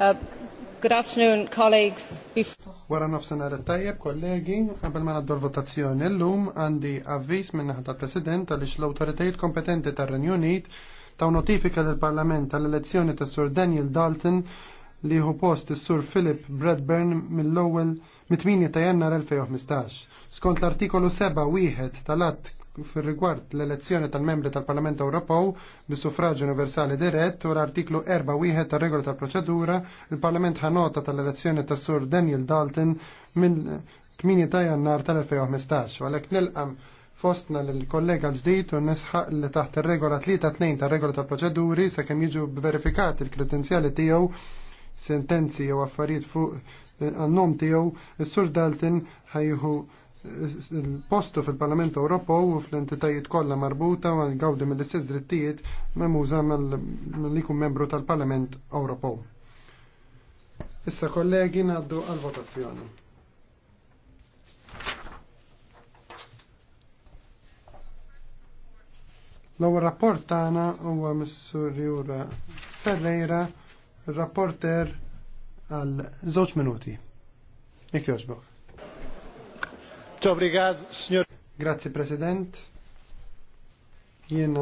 Uh, good afternoon, colleagues. Wara nofsena, tajjeb, kollegi, qabel ma naddu l-votazzjoni llum għandi avviż minna naħa tal-President għaliex l-awtoritajiet kompetenti tar-Renju Unit notifika lill-Parlament tal-elezzjoni tas-Sur Daniel Dalton li hu post is-Sur Philip Bradburn mill-ewwel mit-8 ta' Jannar 2015. Skont l-artikolu 7 wieħed tal-att fir rigward l-elezzjoni tal-membri tal-Parlament Ewropew bis-suffraġġ universali dirett u l-artiklu 4 wieħed tar-regola tal-proċedura, il-Parlament ħanota tal-elezzjoni tas-Sur Daniel Dalton mill-8 ta' Jannar tal-2015. Għalhekk nilqam fostna l-kollega ġdijt u nisħaq li taħt il-regola 3-2 ta' regola tal proċeduri sa' kem jiġu verifikat il-kredenzjali tijow sentenzi jew affarijiet fuq għannom tiegħu, is-Sur Dalton ħajju ħajħu postu fil-Parlament Ewropew u fl-entitajiet kollha marbuta ma gawdi mill-istess drittijiet memuża mill-ikun membru tal-Parlament Ewropew. Issa kollegi ngħaddu għal-votazzjoni. L-ewwel rapport tagħna huwa Missur Jura Ferreira Il-rapporter għal zoċ minuti. Jek joġbok. Obrigado, signor. Grazie, President. Jiena